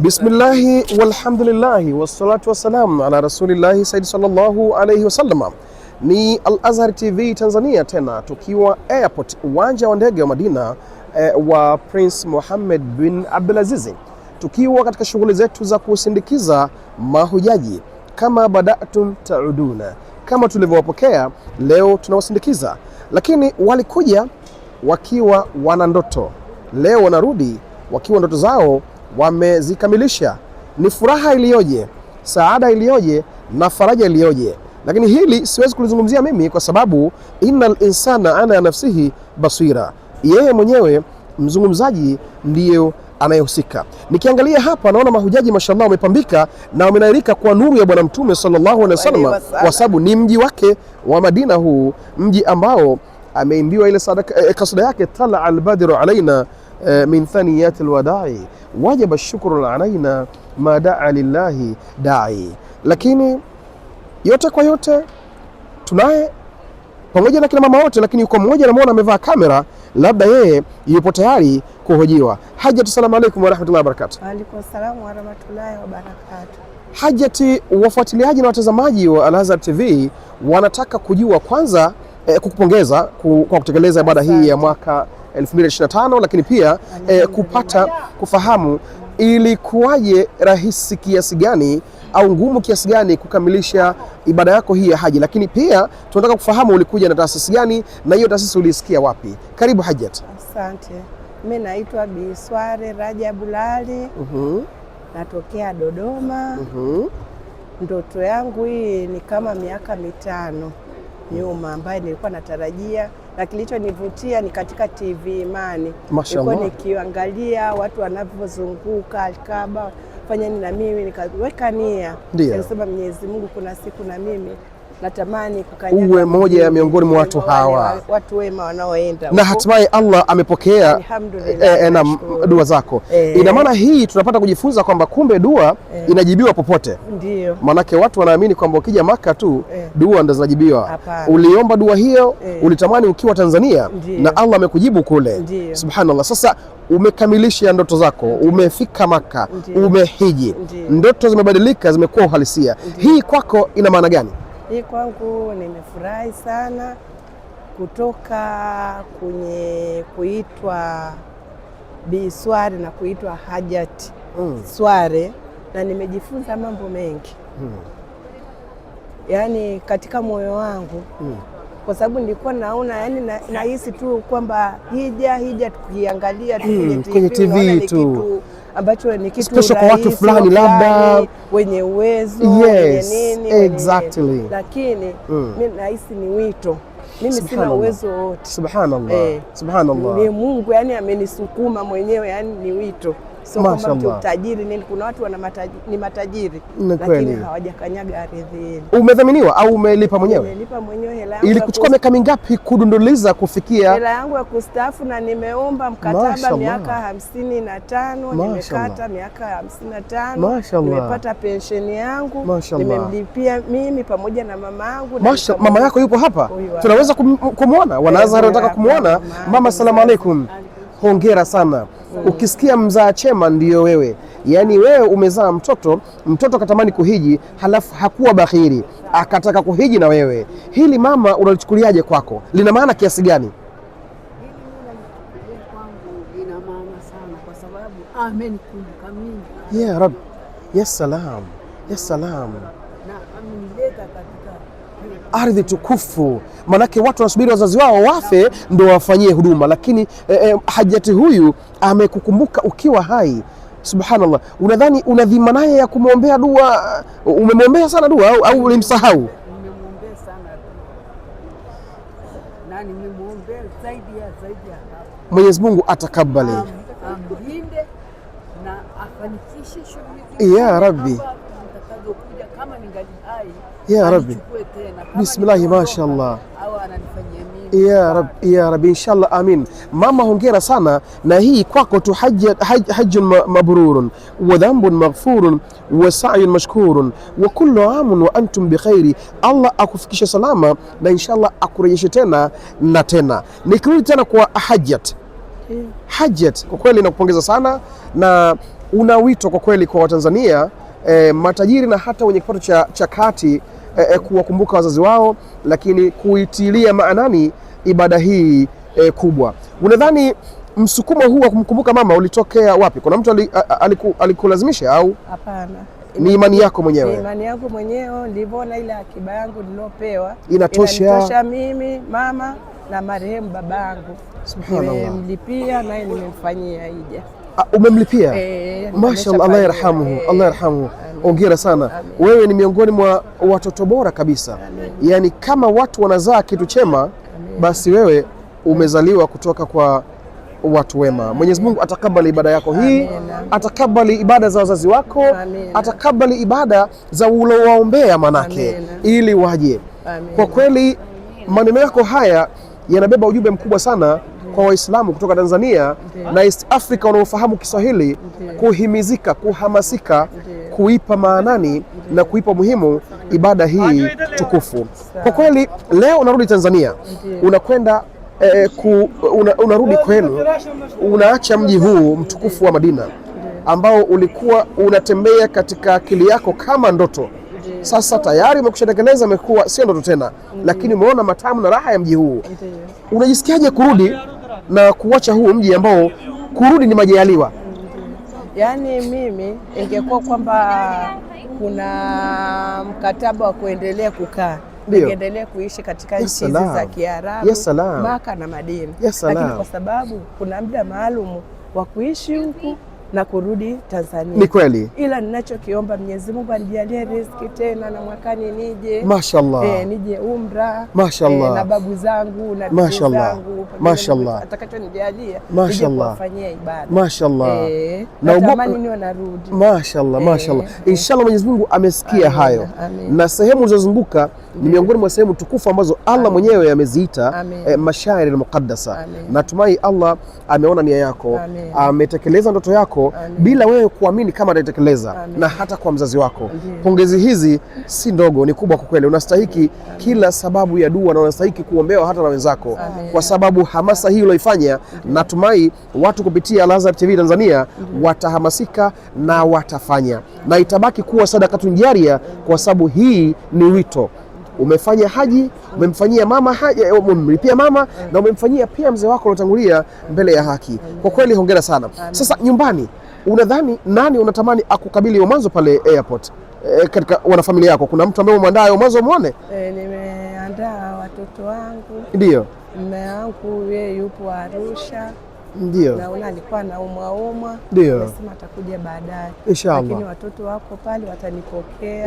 Bismillahi walhamdulillahi wassalatu wassalam ala rasulillahi saidi sallallahu alaihi wasalama. Ni Al Azhar TV Tanzania, tena tukiwa airport, uwanja wa ndege wa Madina eh, wa Prince Mohammed bin Abdulaziz, tukiwa katika shughuli zetu za kusindikiza mahujaji kama badatum tauduna, kama tulivyowapokea leo tunawasindikiza. Lakini walikuja wakiwa wana ndoto, leo wanarudi wakiwa ndoto zao wamezikamilisha. Ni furaha iliyoje, saada iliyoje na faraja iliyoje! Lakini hili siwezi kulizungumzia mimi kwa sababu innal insana ana nafsihi basira, yeye mwenyewe mzungumzaji ndiyo anayehusika. Nikiangalia hapa naona mahujaji mashallah wamepambika na wamenairika kwa nuru ya Bwana Mtume sallallahu alaihi wasallam, kwa sababu ni mji wake wa Madina, huu mji ambao ameimbiwa ile sadaka, eh, kasida yake tala albadru alaina Eh, min thaniyati alwadai wajaba shukru alaina ma daa lillahi dai. Lakini yote kwa yote tunaye pamoja na kina mama wote, lakini yuko mmoja namwona amevaa kamera, labda yeye yupo tayari kuhojiwa. Hajat, assalamu alaikum warahmatullahi wabarakatuh. Waalaikum assalam warahmatullahi wabarakatuh. Hajati, wafuatiliaji na watazamaji wa Al TV wanataka kujua kwanza, eh, kukupongeza kwa kutekeleza ibada hii ya mwaka 2025, lakini pia eh, kupata kufahamu ilikuwaje rahisi kiasi gani au ngumu kiasi gani kukamilisha ibada yako hii ya haji, lakini pia tunataka kufahamu ulikuja na taasisi gani na hiyo taasisi ulisikia wapi? Karibu Hajat. Asante. Mimi naitwa Biswari raja Rajabu Lali. Uhum. Natokea Dodoma. Uhum. Ndoto yangu hii ni kama miaka mitano nyuma ambaye nilikuwa natarajia na kilichonivutia ni katika TV Imani, nilikuwa nikiangalia watu wanavyozunguka Alkaba fanya nini, na mimi nikaweka nia, nikasema Mwenyezi Mungu, kuna siku na mimi natamani kukanyaga uwe moja ya miongoni mwa watu hawa, watu wema wanaoenda na hatimaye Allah amepokea e, na dua zako e. Ina maana hii tunapata kujifunza kwamba kumbe dua e, inajibiwa popote. Ndio maanake watu wanaamini kwamba ukija Maka tu e, dua ndo zinajibiwa. Uliomba dua hiyo e, ulitamani ukiwa Tanzania Ndiyo. na Allah amekujibu kule Ndiyo. Subhanallah, sasa umekamilisha ndoto zako, umefika Maka umehiji ndoto zimebadilika, zimekuwa uhalisia Ndiyo. hii kwako ina maana gani? Hii kwangu nimefurahi sana kutoka kwenye kuitwa Bi Sware na kuitwa Hajati mm. Sware na nimejifunza mambo mengi mm. Yaani katika moyo wangu mm. Kwa sababu nilikuwa naona yani nahisi na tu kwamba hija hija tukiangalia tu kwenye mm, TV tu ambacho ni kitu rahisi kwa watu fulani, labda wenye uwezo, yes, wenye nini, exactly wenye nini. Lakini mm. mimi nahisi ni wito mimi sina uwezo wote. Subhanallah. Eh. Subhanallah. Ni Mungu yani amenisukuma mwenyewe yani ni wito sio kwamba mtu tajiri nini. Kuna watu wana mataji, ni matajiri lakini hawajakanyaga ardhi ile. Umedhaminiwa au umelipa mwenyewe? Nilipa mwenyewe hela yangu. Ilikuchukua miaka mingapi kudunduliza kufikia hela yangu ya kustaafu? Na nimeomba mkataba miaka hamsini na tano nimekata miaka hamsini na tano nimepata pensheni yangu, nimemlipia mimi pamoja na mama yangu. Mama yako yupo hapa, tunaweza kumwona, wanaanza wanataka kumwona mama. Salamu alaikum, hongera sana. Mm. Ukisikia mzaa chema ndiyo wewe, yaani wewe umezaa mtoto, mtoto akatamani kuhiji, halafu hakuwa bahiri akataka kuhiji na wewe. Hili mama, unalichukuliaje kwako? Lina maana kiasi gani? Ya salam, Yes, salam. Na amenileta katika ardhi tukufu. manake watu wanasubiri wazazi wao wafe ndo wafanyie huduma, lakini eh, eh, hajati huyu amekukumbuka ukiwa hai. Subhanallah, unadhani una dhima naye ya kumwombea dua? Umemwombea sana dua au, au ulimsahau? Mwenyezi Mungu atakabali ya Rabbi. Ya Rabbi, bismillahi mashallah, ya Rabbi, ya Rabbi, inshallah, amin. Mama, hongera sana na hii kwako tu, hajjun mabrurun wa dhambun maghfurun wa sa'yun mashkurun wa kullu amun wa antum bikhairi. Allah akufikisha salama na inshallah akurejeshe tena na tena. Nikirudi tena kwa Hajat, eh. Hajat, kwa kweli nakupongeza sana na una wito kwa kweli kwa Watanzania e, matajiri na hata wenye kipato cha, cha kati e, e, kuwakumbuka wazazi wao, lakini kuitilia maanani ibada hii e, kubwa. Unadhani msukumo huu wa kumkumbuka mama ulitokea wapi? Kuna mtu aliku, alikulazimisha au hapana? Ni imani yako mwenyewe? Ni imani yangu mwenyewe, nilivyoona ile akiba yangu nilopewa inatosha, inatosha mimi mama na marehemu baba subhanallah, nimemlipia naye nimemfanyia hija. Ah, umemlipia? E, mashallah, Allah yarhamuhu e, Allah yarhamuhu. Ongera sana Amin. Wewe ni miongoni mwa watoto bora kabisa Amin. Yani kama watu wanazaa kitu chema Amin. Basi wewe umezaliwa kutoka kwa watu wema. Mwenyezi Mungu atakabali ibada yako hii, atakabali ibada za wazazi wako Atakabali ibada za ulowaombea manake Amin. Ili waje Amin. Kwa kweli maneno yako haya yanabeba ujumbe mkubwa sana kwa Waislamu kutoka Tanzania Ndiyo. na East Africa wanaofahamu Kiswahili Ndiyo. kuhimizika, kuhamasika Ndiyo. kuipa maanani Ndiyo. na kuipa umuhimu ibada hii tukufu. Kwa kweli leo unarudi Tanzania unakwenda eh, ku, una, unarudi kwenu, unaacha mji huu mtukufu wa Madina ambao ulikuwa unatembea katika akili yako kama ndoto sasa tayari umekushatekeleza, imekuwa sio ndoto tena, lakini umeona matamu na raha ya mji huu. Unajisikiaje kurudi na kuacha huu mji ambao kurudi ni majaliwa? Yaani mimi ingekuwa kwamba kuna mkataba wa kuendelea kukaa ningeendelea kuishi katika nchi hizi za Kiarabu, Maka na Madina, lakini kwa sababu kuna muda maalum wa kuishi huku na kurudi Tanzania. Ni kweli, ila ninachokiomba Mwenyezi Mungu anijalie riziki tena na mwakani nije Mashallah. E, nije umra eh, Mashallah. E, na babu zangu na ndugu zangu Mashallah. Atakachonijalia nije kuwafanyia ibada Mashallah. E, na natamani niwe narudi Mashallah. E, Mashallah. E, inshallah Mwenyezi Mungu amesikia amin, hayo amin. Na sehemu zilizozunguka ni miongoni mwa sehemu tukufu ambazo Allah mwenyewe ameziita e, mashairi al-muqaddasa. Natumai Allah ameona nia yako Ametekeleza ndoto yako yako bila wewe kuamini kama atatekeleza na hata kwa mzazi wako. Pongezi hizi si ndogo, ni kubwa kwa kweli. Unastahiki kila sababu ya dua na unastahiki kuombewa hata na wenzako, kwa sababu hamasa hii uliyoifanya, natumai watu kupitia Al-Azhar TV Tanzania watahamasika na watafanya, na itabaki kuwa sadakatun jaria, kwa sababu hii ni wito umefanya haji, umemfanyia mama haji, eh, umemlipia mama na umemfanyia pia mzee wako uliotangulia mbele ya haki. Kwa kweli hongera sana. Sasa nyumbani, unadhani nani unatamani akukabili mwanzo pale airport? E, katika wanafamilia yako kuna mtu ambaye umeandaa mwanzo muone? E, eh, nimeandaa watoto wangu, ndio mume wangu, yeye yupo Arusha ndio. Naona alikuwa naumwaumwa, nasema atakuja baadaye, lakini watoto wako pale watanipokea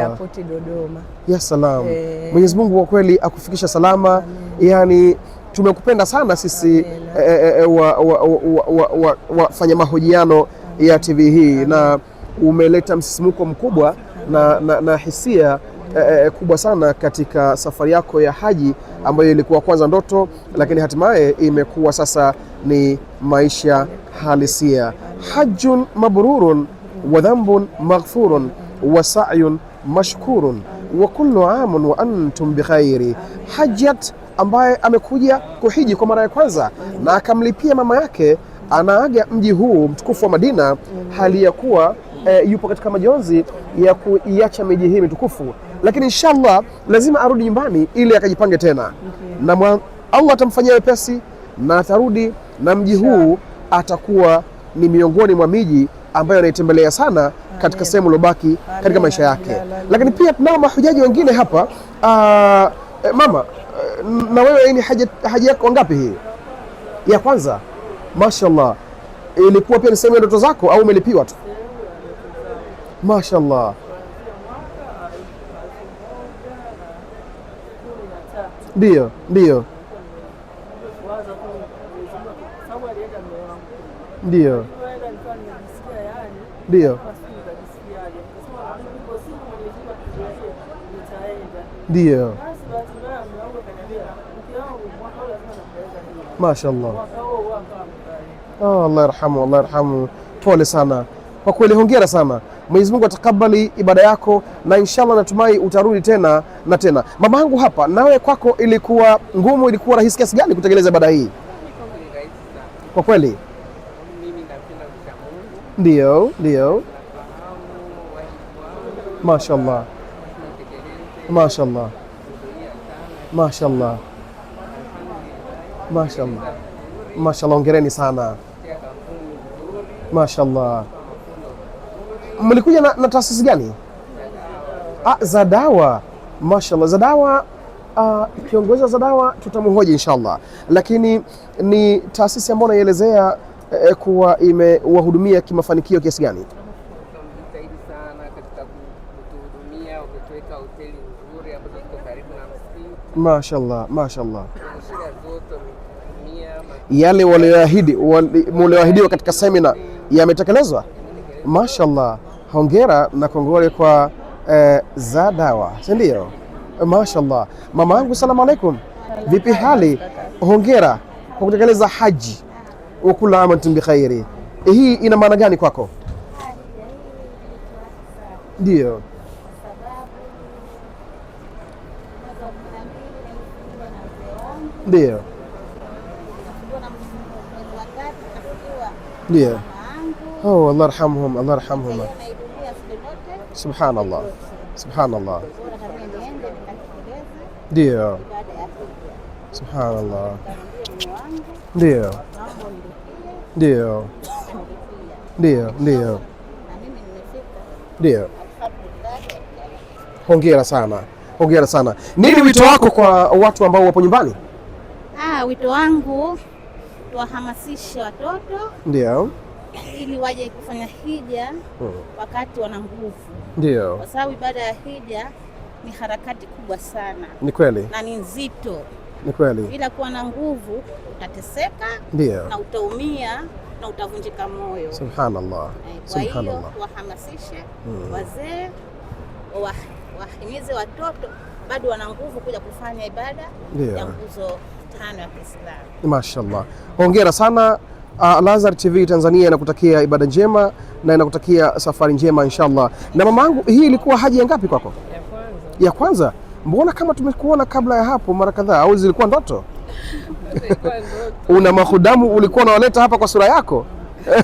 airport Dodoma. Ya salam. Eh. Mwenyezi Mungu kwa kweli akufikisha salama. Amen. Yani tumekupenda sana sisi eh, eh, eh, wafanya mahojiano ya TV hii Amen. na umeleta msisimuko mkubwa na, na, na hisia Eh, eh, kubwa sana katika safari yako ya haji ambayo ilikuwa kwanza ndoto, lakini hatimaye imekuwa sasa ni maisha halisia. Hajjun mabrurun wa dhanbun maghfurun wa sa'yun mashkurun wa kullu amun wa antum bikhairi. Hajjat ambaye amekuja kuhiji kwa mara ya kwanza na akamlipia mama yake anaaga mji huu mtukufu wa Madina hali ya kuwa e, yupo katika majonzi ya kuiacha miji hii mitukufu lakini inshallah lazima arudi nyumbani ili akajipange tena okay. na Allah atamfanyia wepesi na atarudi na mji huu atakuwa ni miongoni mwa miji ambayo anaitembelea sana katika sehemu lobaki katika maisha yake. Lakini pia tunao mahujaji wengine hapa. Uh, mama eh, na wewe ni haja, haja yako ngapi hii? Ya kwanza. Mashallah, ilikuwa pia ni sehemu ya ndoto zako au umelipiwa tu? Mashallah. Ndio, ndio, ndio, ndio, ndio. Masha Allah, ah, Allah yarhamu, Allah yarhamu. Pole sana. Kwa kweli hongera sana. Mwenyezi Mungu atakubali ibada yako, na inshallah natumai utarudi tena na tena. Mama yangu hapa, nawe kwako ilikuwa ngumu, ilikuwa rahisi kiasi gani kutekeleza ibada hii? Kwa kweli ndio, ndio. Mashallah, mashallah, mashallah, mashallah, mashallah. Hongereni sana, mashallah mlikuja na, na taasisi gani? Ah, dawa mashallah. dawa. Uh, ah, kiongozi wa dawa tutamhoji inshallah, lakini ni taasisi ambayo naielezea eh, eh kuwa imewahudumia kimafanikio kiasi gani? Mashaallah, mashaallah, yale walioahidiwa katika semina yametekelezwa, mashaallah hongera na kongole kwa eh, za dawa, si ndio? Eh, mashallah, mama yangu, salamu alaikum, vipi hali? Hongera kwa kutekeleza haji. wa kullu aam bi khairi. Eh, hii ina maana gani kwako? Ndio, ndio, ndio. Oh, Allah yarhamhum, Allah yarhamhum. Subhanallah, subhanallah, ndio, subhanallah, ndio, ndio, ndio, ndio, ndio. Hongera sana, hongera sana. Nini wito wako kwa watu ambao wapo nyumbani? Ah, wito wangu tuwahamasishe watoto ndio ili waje kufanya hija hmm. wakati wana nguvu, ndio kwa sababu ibada ya hija ni harakati kubwa sana. Ni kweli na ni nzito, ni kweli. Bila kuwa na nguvu utateseka, ndio na utaumia na utavunjika moyo. Subhanallah. Eh, kwa hiyo wahamasishe hmm. wazee wahimize watoto bado wana nguvu kuja kufanya ibada ya nguzo tano ya Kiislamu. Mashaallah, hongera sana. Uh, ah, Lazar TV Tanzania inakutakia ibada njema na inakutakia safari njema inshallah. Na mamangu, hii ilikuwa haji ya ngapi kwako? Ya kwanza. Ya kwanza? Mbona kama tumekuona kabla ya hapo mara kadhaa au zilikuwa ndoto? Una mahudamu ulikuwa unawaleta hapa kwa sura yako?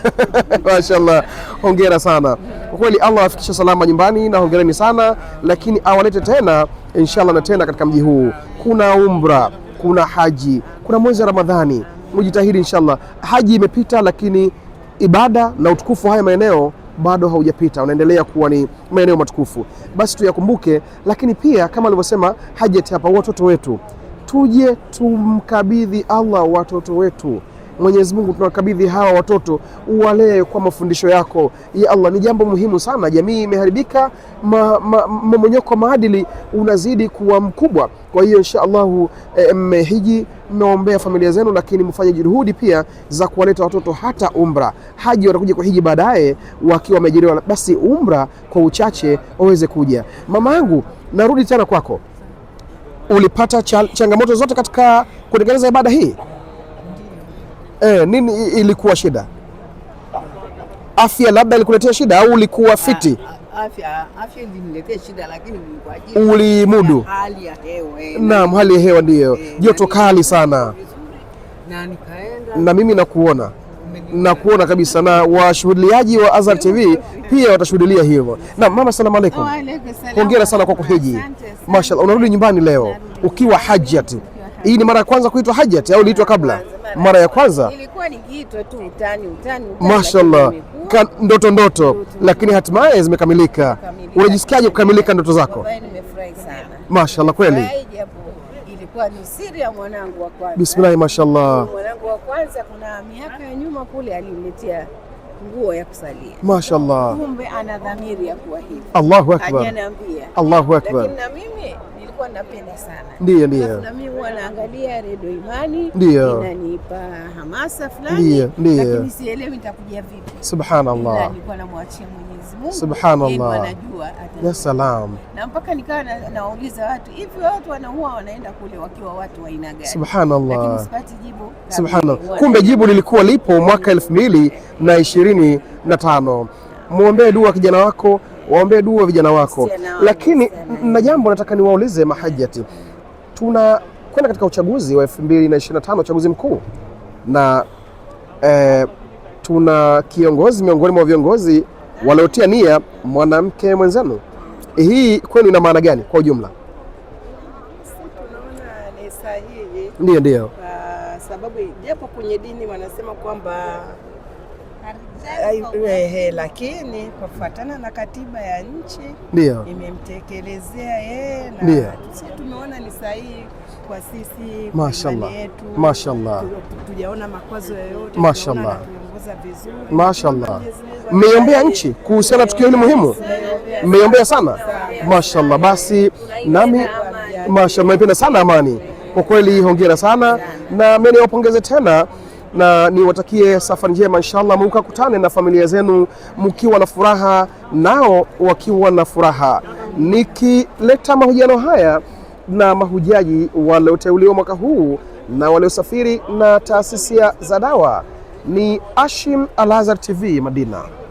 Mashaallah, hongera sana kwa kweli. Allah afikishe salama nyumbani na hongereni sana, lakini awalete tena inshallah na tena katika mji huu. Kuna umra, kuna haji, kuna mwezi wa Ramadhani mjitahidi inshallah. Haji imepita lakini ibada na utukufu haya maeneo bado haujapita, unaendelea kuwa ni maeneo matukufu, basi tuyakumbuke. Lakini pia kama alivyosema Hajat hapa, watoto wetu tuje tumkabidhi Allah watoto wetu. Mwenyezi Mungu tunawakabidhi hawa watoto, uwalee kwa mafundisho yako ya Allah. Ni jambo muhimu sana. Jamii imeharibika, mmomonyoko ma, ma, wa maadili unazidi kuwa mkubwa. Kwa hiyo insha Allahu eh, mmehiji eh, familia zenu, lakini mfanye juhudi pia za kuwaleta watoto hata umra. Haji watakuja kwa hiji baadaye wakiwa wameajiriwa, basi umra kwa uchache waweze kuja. Mama yangu, narudi tena kwako, ulipata changamoto zote katika kutekeleza ibada hii? eh, nini ilikuwa shida? Afya labda ilikuletea shida au ulikuwa ah, fiti? Afya, afya iliniletea shida lakini kwa ulimudu hali ya hewa. Eh, Naam, hali ya hewa ndiyo eh, joto kali sana na, nikaenda, na mimi nakuona nakuona kabisa na washuhudiliaji wa Azhar TV pia watashuhudia hivyo. Na mama, salamu alaikum, hongera sana kwa kuhiji. Mashallah, unarudi nyumbani leo ukiwa hajjat. Hii ni mara ya kwanza kuitwa hajjat au iliitwa kabla? mara ya kwanza ilikuwa ni kiitwa tu utani, utani, utani. Mashallah, ndoto ndoto, lakini hatimaye zimekamilika. Unajisikiaje kukamilika ndoto zako? Nimefurahi sana. Mashallah kweli. Ilikuwa ni siri ya mwanangu wa kwanza. Bismillah, mashallah. Mwanangu wa kwanza kuna miaka ya nyuma kule aliniletea nguo ya kusalia. Mashallah. Kumbe ana dhamiri ya kuwa hivi. Allahu akbar. Ananiambia. Allahu akbar. Lakini na mimi nilikuwa napenda sana. Ndio, ndio. Na mimi huwa naangalia Radio Imani. Ndio. Inanipa hamasa fulani. Ndio, ndio. Lakini sielewi nitakuja vipi. Subhanallah. Nilikuwa namwachia Mwenyezi Mungu. Subhanallah. Anajua. Ya salam. Na mpaka nikawa na, nauliza watu, hivi watu wanaua wanaenda kule wakiwa watu wa aina gani? Subhanallah. Lakini sipati jibu. Subhanallah. Kumbe jibu lilikuwa lipo mwaka elfu mbili na ishirini na tano. Muombee dua kijana wako waombee dua vijana wako. Lakini na jambo nataka niwaulize mahajati, tuna kwenda katika uchaguzi wa 2025 uchaguzi mkuu na eh, tuna kiongozi miongoni mwa viongozi waliotia nia mwanamke mwenzenu. Hii kwenu ina maana gani kwa ujumla? Ndio, ndio, kwa sababu japo kwenye dini wanasema kwamba lakini kufuatana na katiba ya nchi ndio imemtekelezea yeye, na sisi tumeona ni sahihi kwa sisi. Mashaallah, mashaallah, tujaona makwazo yoyote. Mashaallah, mashaallah. Mmeiombea nchi kuhusiana na tukio hili muhimu, mmeiombea sana. Mashaallah, basi nami mashaallah, mependa sana amani kwa kweli. Hongera sana na mimi niwapongeze tena na niwatakie safari njema inshallah, mukakutane na familia zenu mkiwa na furaha, nao wakiwa na furaha. Nikileta mahojiano haya na mahujaji walioteuliwa mwaka huu na waliosafiri na taasisi za dawa, ni Ashim Al Azhar TV Madina.